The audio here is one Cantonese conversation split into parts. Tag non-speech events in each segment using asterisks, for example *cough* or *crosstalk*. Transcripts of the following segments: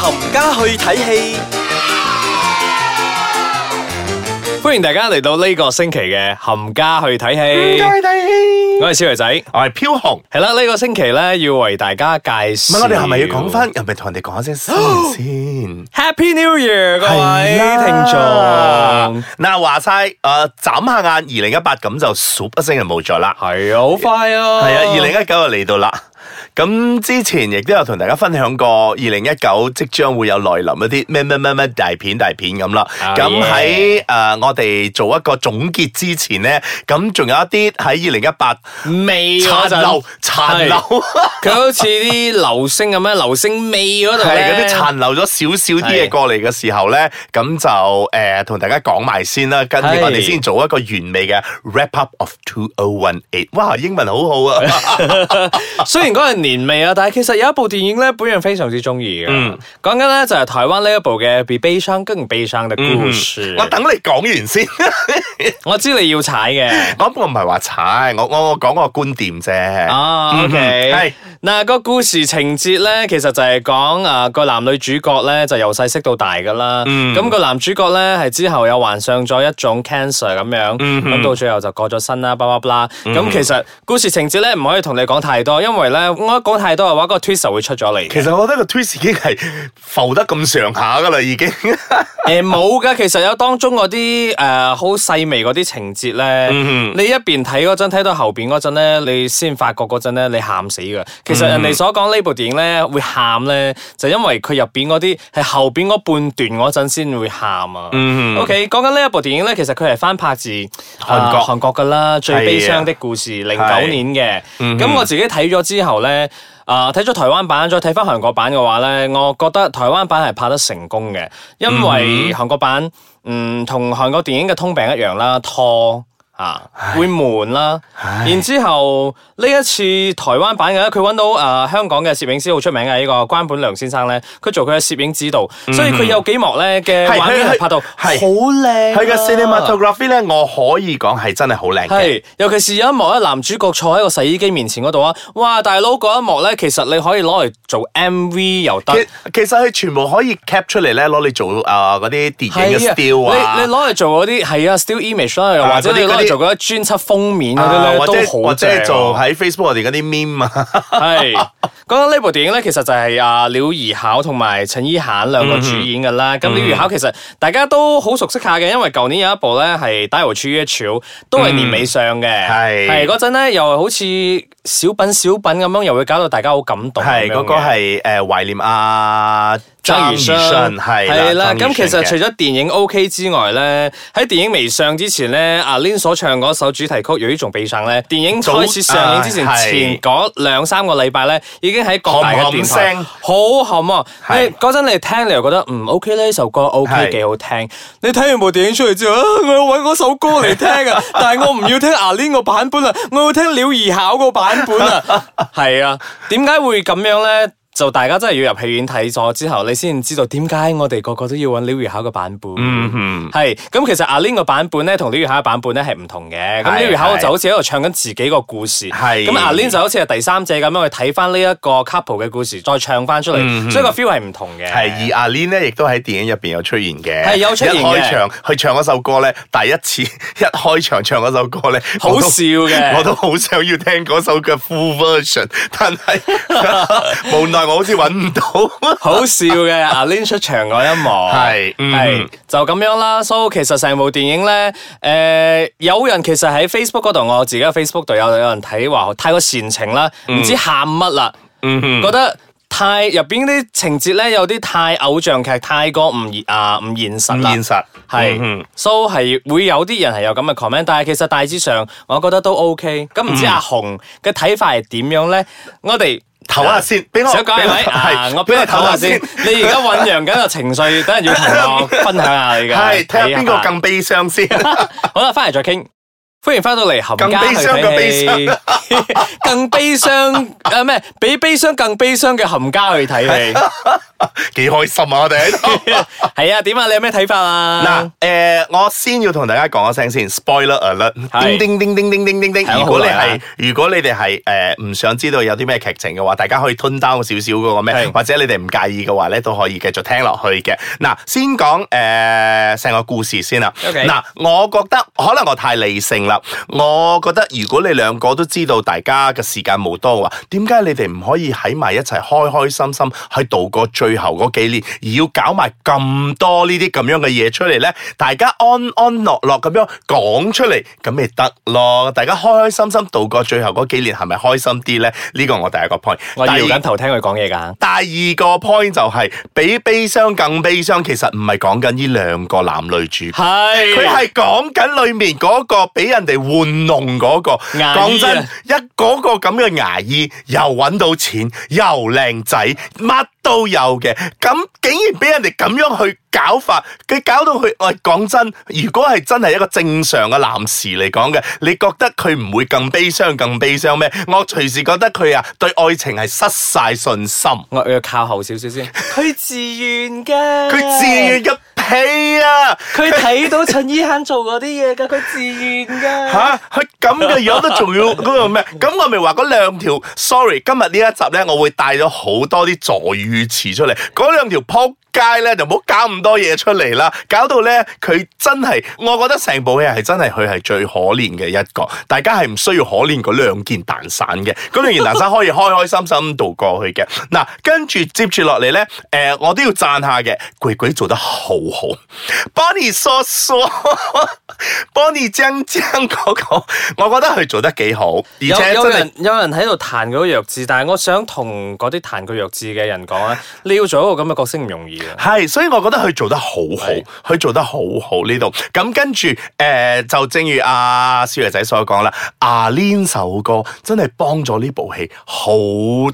冚家去睇戲，歡迎大家嚟到呢個星期嘅冚家去睇戲。冚家去睇戲，我係小葵仔，我係飄紅，係啦，呢個星期咧，要為大家介紹。唔係我哋係咪要講翻？係咪同人哋講一聲先？Happy New Year，各位聽眾。嗱，話晒誒，眨下眼，二零一八咁就數一聲就冇咗啦。係啊，好快啊！係啊，二零一九就嚟到啦。咁之前亦都有同大家分享過二零一九即將會有來臨一啲咩咩咩咩大片大片咁啦。咁喺誒，我哋做一個總結之前咧，咁仲有一啲喺二零一八未殘留殘留，佢好似啲流星咁樣流星尾嗰度啲殘留咗少少啲嘢過嚟嘅時候咧，咁就誒同 ,uh, 大家講埋先啦。跟住我哋先做一個完美嘅 wrap up of two o one eight。哇，英文好好啊！雖然陣。年味啊！但係其實有一部電影咧，本人非常之中意嘅。嗯，講緊咧就係台灣呢一部嘅《比悲傷更悲傷的故事》嗯。我等你講完先， *laughs* 我知你要踩嘅。我唔係話踩，我我我講個觀點啫。哦、啊，OK，係。嗯嗱個故事情節咧，其實就係講啊個男女主角咧就由細識到大噶啦。咁、嗯、個男主角咧係之後又患上咗一種 cancer 咁樣，咁、嗯、哼到最後就過咗身啦。吧啦吧啦。咁、嗯、其實故事情節咧唔可以同你講太多，因為咧我一講太多嘅話，個 twist 會出咗嚟。其實我覺得個 twist 已經係浮得咁上下噶啦，已經。誒冇噶，其實有當中嗰啲誒好細微嗰啲情節咧、嗯哼，你一邊睇嗰陣睇到後邊嗰陣咧，你先發覺嗰陣咧你喊死噶。其實人哋所講呢部電影咧、mm hmm. 會喊咧，就是、因為佢入邊嗰啲係後邊嗰半段嗰陣先會喊啊。OK，講緊呢一部電影咧，其實佢係翻拍自韓國韓、呃、國噶啦，《最悲傷的故事》零九 Yeah. 年嘅。咁、mm hmm. 我自己睇咗之後咧，啊睇咗台灣版，再睇翻韓國版嘅話咧，我覺得台灣版係拍得成功嘅，因為韓國版嗯同韓國電影嘅通病一樣啦拖。啊，唉會悶啦，唉然之後呢一次台灣版嘅咧，佢揾到誒、呃、香港嘅攝影師好出名嘅呢、這個關本良先生咧，佢做佢嘅攝影指導，嗯、所以佢有幾幕咧嘅畫面係拍到係好靚，佢嘅 cinematography 咧，我可以講係真係好靚嘅，尤其是有一幕，一男主角坐喺個洗衣機面前嗰度啊，哇大佬嗰一幕咧，其實你可以攞嚟做 MV 又得，其實佢全部可以 cap 出嚟咧攞你做誒嗰啲電影嘅 still 啊，啊，你攞嚟做嗰啲係啊 still image 啦，又或者嗰啲、啊。做嗰啲專輯封面嗰啲咧，都好正。或者，或者做喺 Facebook 我哋嗰啲 Meme，係。講到呢部電影咧，其實就係啊劉以豪同埋陳意涵兩個主演嘅啦。咁劉以豪其實大家都好熟悉下嘅，因為舊年有一部咧係《戴和處 E H U》，都係年尾上嘅。係、係嗰陣咧，又好似小品小品咁樣，又會搞到大家好感動。係嗰、嗰個係誒懷念阿張雨生，係、啊、係啦。咁啦其實除咗電影 O、OK、K 之外咧，喺電影未上之前咧，阿 Lin 所唱嗰首，首主題曲，由於仲未上咧。電影開始上映之前、啊、前嗰兩三個禮拜咧，已經。好冚聲，好冚啊！是你嗰陣你聽，你又覺得唔、嗯、OK 咧？呢首歌 OK，幾是好聽。你睇完部電影出嚟之後，我要搵嗰首歌嚟聽啊！ *laughs* 但係我唔要聽 A-Lin 個版本啊，我要聽鳥兒考個版本啊！係 *laughs* 啊，點解會咁樣咧？就大家真係要入戲院睇咗之後，你先知道點解我哋個個都要揾李如巧嘅版本。嗯哼，係。咁其實阿 Lin 嘅版本咧，同 l 李如巧嘅版本咧，係唔同嘅。咁 l、嗯、李如巧就好似喺度唱緊自己個故事。係。咁阿 Lin 就好似係第三者咁樣去睇翻呢一個 couple 嘅故事，再唱翻出嚟。嗯、哼所以個 feel 係唔同嘅。係，而阿 Lin 咧，亦都喺電影入邊有出現嘅。係有出現嘅。一開場去唱嗰首歌咧，第一次一開場唱嗰首歌咧，好笑嘅。我都好想要聽嗰首嘅 full version，但係 *laughs* *laughs* 無奈。我好似揾唔到， *laughs* 好笑嘅的 *laughs* 阿 Lin 出場嗰一幕係，係就咁樣啦。So 其實成部電影咧，誒、呃，有人其實喺 Facebook 度，我自己嘅 Facebook 度有有人睇話太過煽情啦，唔知喊乜啦，嗯、哼 覺得太入邊啲情節咧有啲太偶像劇，太過唔啊唔現實，唔現實係，So 係會有啲人係有咁嘅 comment，但係其實大致上我覺得都 OK。咁唔知阿紅嘅睇法係點樣咧？我哋。嗯 *laughs* 唞下，我唞下先，想講係咪？我俾你唞下先。你而家醖釀緊個情緒， *laughs* 等陣要同我分享一下。依家係睇下邊個更悲傷先。 *laughs* 好啦，翻嚟再傾。歡迎翻到嚟，冚家去睇戲，更悲傷誒咩？比悲傷更悲傷嘅冚家去睇戲，幾開心啊！我哋喺度係啊，點啊？你有咩睇法啊？嗱，誒，我先要同大家講一聲先，Spoiler alert，叮叮叮叮叮叮叮叮。如果你係，如果你哋係誒，唔想知道有啲咩劇情嘅話，大家可以 turn down 少少嗰個咩，或者你哋唔介意嘅話咧，都可以繼續聽落去嘅。嗱，先講誒成個故事先啦。OK。嗱，我覺得可能我太理性啦。我覺得如果你兩個都知道大家嘅時間冇多嘅話，點解你哋唔可以喺埋一齊開開心心去度過最後嗰幾年，而要搞埋咁多呢啲咁樣嘅嘢出嚟呢？大家安安樂樂咁樣講出嚟，咁咪得咯？大家開開心心度過最後嗰幾年，係咪開心啲呢？呢個我第一個 point。我搖緊頭聽佢講嘢噶。第二個 point 就係、是、比悲傷更悲傷，其實唔係講緊呢兩個男女主，係佢係講緊裏面嗰個俾人哋玩弄嗰個，講真，一嗰個咁嘅牙醫又揾到錢，又靚仔，乜都有嘅。咁竟然俾人哋咁樣去搞法，佢搞到佢，我講真，如果係真係一個正常嘅男士嚟講嘅，你覺得佢唔會更悲傷、更悲傷咩？我隨時覺得佢啊，對愛情係失晒信心。我要靠後少少先。佢 *laughs* 自願嘅。佢 *laughs* 自願入。係啊！佢睇 Hey 到陳意涵做嗰啲嘢㗎，佢 *laughs* 自願㗎。嚇、 *laughs* 啊，佢咁嘅樣都仲要嗰個咩？咁 *laughs* 我咪話嗰兩條。sorry，今日呢一集呢，我會帶咗好多啲助語詞出嚟。嗰兩條撲街呢，就唔好搞咁多嘢出嚟啦。搞到呢，佢真係，我覺得成部戲係真係佢係最可憐嘅一個。大家係唔需要可憐嗰兩件蛋散嘅。咁兩件蛋散可以開開心心度過去嘅。嗱， *laughs* 跟住接住落嚟呢，誒、呃，我都要讚下嘅，鬼鬼做得好。好，b o n n i e 索索，Bonnie 張張嗰個，我覺得佢做得幾好，而且有,有人的有人喺度彈嗰個弱智，但係我想同嗰啲彈個弱智嘅人講啊，你要做一個咁嘅角色唔容易嘅，係， *laughs* 所以我覺得佢做得好好，佢是做得好好呢度，咁跟住誒、呃，就正如阿少爺仔所講啦，啊呢首歌真係幫咗呢部戲好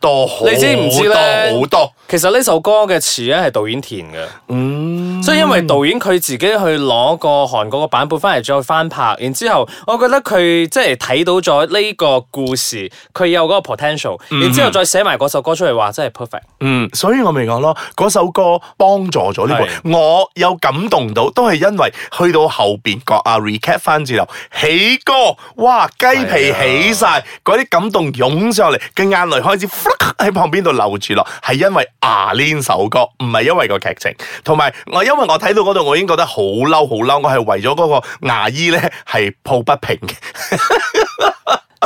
多，你知唔知咧？好多，其實呢首歌嘅詞咧係導演填嘅，嗯，所以因為。因為、嗯、導演佢自己去攞個韓國個版本翻嚟再翻拍，然後之後我覺得佢即係睇到咗呢個故事，佢有嗰個 potential，然之後再寫埋嗰首歌出嚟話、嗯、真係 perfect。嗯，所以我咪講咯，嗰首歌幫助咗呢部，是我有感動到，都係因為去到後邊各阿、啊、recap 翻之後，起歌，哇，雞皮起晒，嗰啲、哎、呀感動湧上嚟，嘅眼淚開始喺旁邊度流住落係因為啊呢首歌，唔係因為個劇情，同埋我因為我。睇到嗰度，我已經覺得好嬲，好嬲！我係為咗嗰個牙醫呢，係抱不平嘅。 *laughs*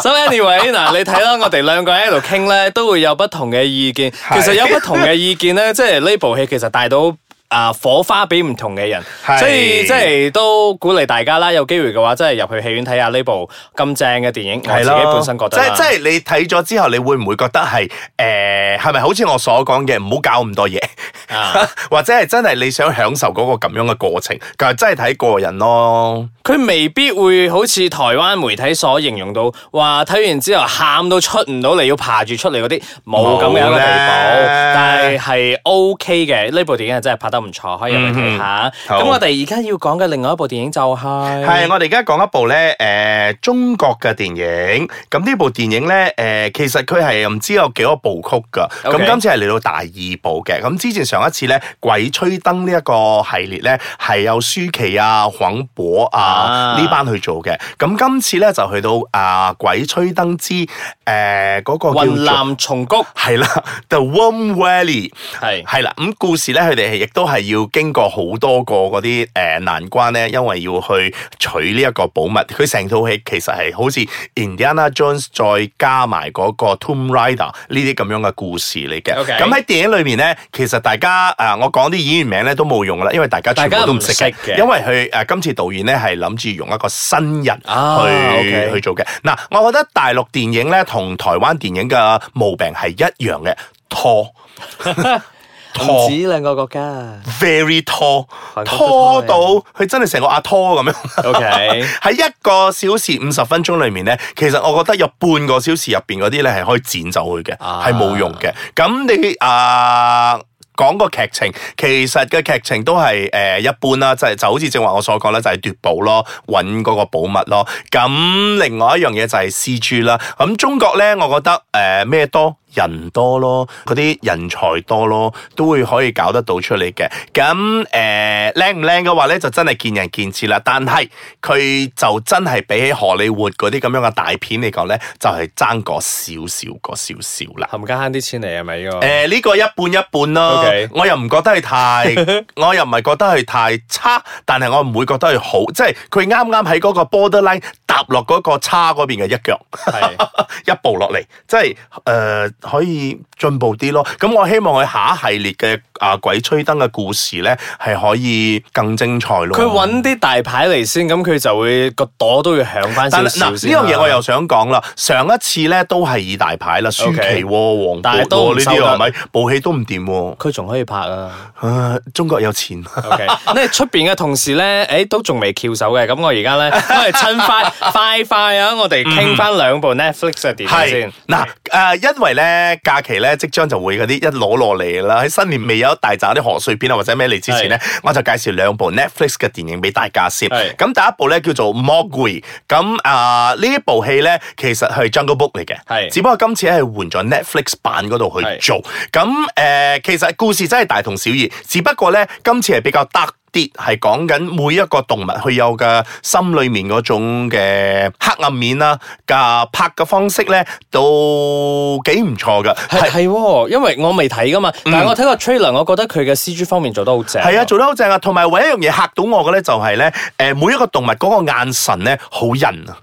So anyway，嗱，你睇啦，我哋兩個喺度傾呢，都會有不同嘅意見。其實有不同嘅意見呢， *laughs* 即係呢部戲其實帶到。啊！火花俾唔同嘅人，是所以即係都鼓勵大家啦。有機會嘅話，真係入去戲院睇下呢部咁正嘅電影。係咯，自己本身覺得，即，即係你睇咗之後，你會唔會覺得係誒，係、欸、咪好似我所講嘅？唔好搞咁多嘢，啊、 *laughs* 或者係真係你想享受嗰個咁樣嘅過程，就係、真係睇個人咯。佢未必會好似台灣媒體所形容到，話睇完之後喊到出唔到嚟，要爬住出嚟嗰啲冇咁嘅一個地步，但係係 OK 嘅。呢部電影真係拍得。都唔錯，可以入嚟睇下。咁好我哋而家要講嘅另外一部電影就係、是、係我哋而家講一部咧，誒、呃、中國嘅電影。咁呢部電影咧，誒、呃、其實佢係唔知有幾多部曲噶。咁 Okay. 今次係嚟到第二部嘅。咁之前上一次咧，《鬼吹燈呢一個系列咧，係有舒淇啊、黃渤啊呢、啊、班去做嘅。咁今次咧就去到啊，呃《鬼吹燈之》誒、呃那個雲南蟲谷，係啦，《The Warm Valley》是，係係啦。咁、那個、故事咧，佢哋係亦都。都係要經過好多個嗰啲誒難關咧，因為要去取呢一個寶物。佢成套戲其實係好似 Indiana Jones 再加埋嗰個 Tomb Raider 呢啲咁樣嘅故事嚟嘅。咁喺電影裏面咧，其實大家誒，我講啲演員名咧都冇用啦，因為大家全部都唔識嘅。因為佢誒，今次導演咧係諗住用一個新人去去做嘅。嗱，我覺得大陸電影咧同台灣電影嘅毛病係一樣嘅，拖。唔止拖兩個國家，very 拖拖，拖到佢真係成個阿拖咁樣。喺 Okay. *laughs* 一個小時五十分鐘裏面呢，其實我覺得有半個小時入邊嗰啲呢係可以剪走佢嘅，係冇、啊、用嘅。咁你啊、呃、講個劇情，其實嘅劇情都係誒、呃、一般啦，就係、就好似正話我所講啦，就係、是、奪寶咯，揾嗰個寶物咯。咁另外一樣嘢就係 C G 啦。咁中國呢，我覺得誒咩、呃、多？人多咯，嗰啲人才多咯，都會可以搞得到出嚟嘅。咁誒靚唔靚嘅話咧，就真係見仁見智啦。但係佢就真係比起荷里活嗰啲咁樣嘅大片嚟講咧，就係、是、爭個少少，是是這個少少啦。冚家慳啲錢嚟係咪？誒、這、呢個一半一半咯。Okay. 我又唔覺得係太， *laughs* 我又唔係覺得係太差，但係我唔會覺得係好，即係佢啱啱喺嗰個 borderline 踏落嗰個差嗰邊嘅一腳，是 *laughs* 一步落嚟，即係誒。呃可以進步啲咯，咁我希望佢下一系列嘅。啊！鬼吹燈嘅故事咧，係可以更精彩咯。佢揾啲大牌嚟先，咁佢就會個朵都要響翻少少。但係嗱，呢樣嘢我又想講啦。上一次咧都係以大牌啦，舒淇、黃渤呢啲，係咪？部戲都唔掂。佢仲可以拍啊！中國有錢。O K，呢出邊嘅同事咧，誒都仲未翹手嘅。咁我而家咧，都係趁快快快啊！我哋傾翻兩部 Netflix 嘅電影先。嗱，誒，因為咧假期咧即將就會嗰啲一攞落嚟啦，喺新年未有。有大集啲賀歲片啊或者咩嚟之前咧，是我就介紹兩部 Netflix 嘅電影俾大家先。咁是第一部咧叫做 Mowgli，咁啊呢部戲咧其實係 Jungle Book 嚟嘅，是只不過今次係換咗 Netflix 版嗰度去做。咁誒是、呃，其實故事真係大同小異，只不過咧今次係比較特。係講緊每一個動物佢有嘅心裏面嗰種嘅黑暗面啦，嘅拍嘅方式咧都幾唔錯噶。係係，因為我未睇噶嘛，但係我睇過 trailer，我覺得佢嘅 CG 方面做得好正。係啊，做得好正啊！同埋唯一一樣嘢吓到我嘅咧，就係咧，誒每一個動物嗰個眼神咧好人啊，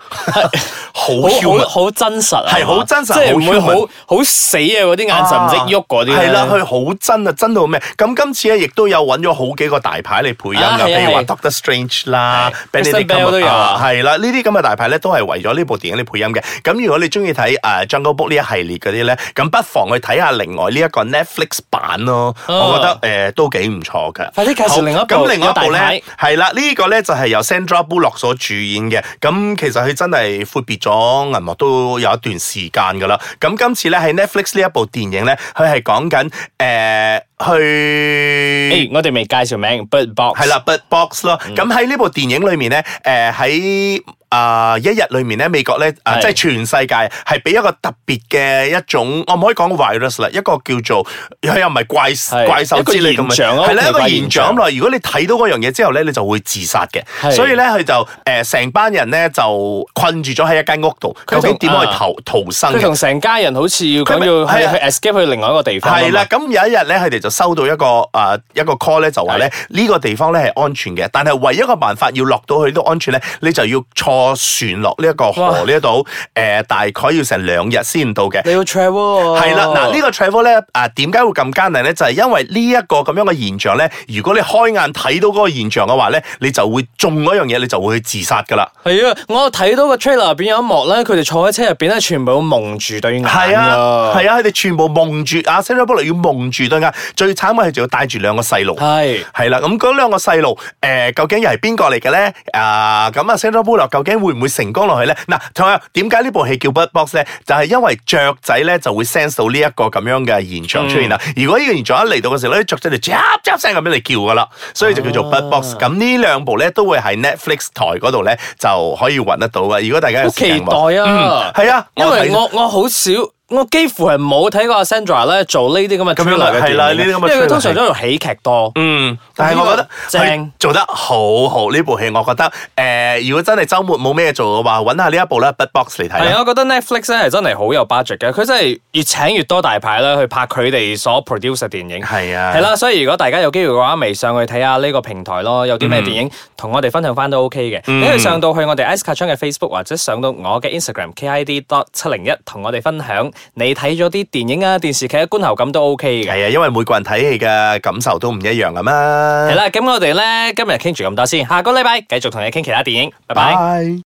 好好好真實，係好真實，即唔會好好死啊嗰啲眼神唔識喐嗰啲，係啦，佢好真啊，真到咩咁？今次咧亦都有揾咗好幾個大牌嚟。配音噶，譬、啊啊、如話、啊、Doctor Strange 啦 Benjamin 啊，係啦，呢啲咁嘅大牌咧，都係為咗呢部電影嚟配音嘅。咁如果你中意睇誒 Jungle Book 呢一系列嗰啲咧，咁不妨去睇下另外呢一個 Netflix 版咯。哦、我覺得誒、呃、都幾唔錯噶。快啲介紹另一部，咁另一部咧係啦，呢、啊呢個咧就係由 Sandra Bullock 所主演嘅。咁其實佢真係闊別咗銀幕都有一段時間噶啦。咁今次咧係 Netflix 呢 Net 一部電影咧，佢係講緊誒。呃去，誒是，hey，我哋未介紹名，Bird Box，係啦，Bird Box 咯，咁喺呢部電影裏面呢，誒、呃、喺。啊！一日裏面咧，美國咧，啊，即係全世界係俾一個特別嘅一種，我唔可以講 virus 啦，一個叫做佢又唔係怪怪獸之類咁嘅，係咧一個現象咯。係咧一個現象咯。如果你睇到嗰樣嘢之後咧，你就會自殺嘅。所以咧，佢就誒成班人咧就困住咗喺一間屋度，究竟點可以逃逃生？佢同成家人好似要咁要係啊，去 escape 去另外一個地方。係啦，咁有一日咧，佢哋就收到一個啊一個 call 咧，就話咧呢個地方咧係安全嘅，但係唯一個辦法要落到去都安全咧，你就要錯。我船落呢一個河呢度，誒，大概要成兩日先到嘅。你要 travel 係啦，嗱呢個 travel 咧，啊，點解會咁艱難咧？就係因為呢一個咁樣嘅現象咧，如果你開眼睇到嗰個現象嘅話咧，你就會中嗰樣嘢，你就會去自殺噶啦。係啊，我睇到個 trailer 入邊有一幕咧，佢哋坐喺車入邊咧，全部蒙住對眼。係啊，係啊，佢哋全部蒙住啊，Sandra Bullock 要蒙住對眼，最慘嘅係仲要帶住兩個細路。係係啦，咁嗰兩個細路誒，究竟又係邊個嚟嘅咧？啊，咁啊，Sandra Bullock 究竟？會唔會成功落去咧？嗱、啊，同埋點解呢部戲叫 Bird Box 咧？就係、是、因為雀仔咧就會 sense 到呢一個咁樣嘅現象出現啦。嗯、如果呢個現象一嚟到嘅時候咧，雀仔就喳喳聲咁俾你叫噶啦，所以就叫做 Bird Box。咁、啊、呢兩部咧都會喺 Netflix 台嗰度咧就可以揾得到噶。如果大家好期待啊，係啊、嗯，因為我我，我好少。我幾乎係冇睇過阿 Sandra 咧做呢啲咁嘅主流嘅電影，啊、因為佢通常都係喜劇多。嗯，但係我覺得正做得好好呢部戲，我覺得誒、呃，如果真係週末冇咩做嘅話，揾下呢一部咧，Bird Box 嚟睇。係啊，我覺得 Netflix 咧係真係好有 budget 嘅，佢真係越請越多大牌啦，去拍佢哋所 produce 嘅電影。係啊，係啦、啊，所以如果大家有機會嘅話，咪上去睇下呢個平台咯，有啲咩電影同、嗯、我哋分享翻都 OK 嘅。嗯，你上到去我哋 i c e c a r Chun 嘅 Facebook 或者上到我嘅 Instagram K I D dot 七零一同我哋分享。你睇咗啲電影啊、電視劇嘅觀後感都 O K 嘅。係啊，因為每個人睇戲嘅感受都唔一樣噶嘛。係啦，咁我哋咧今日傾住咁多先，下個禮拜繼續同你傾其他電影。Bye. 拜拜。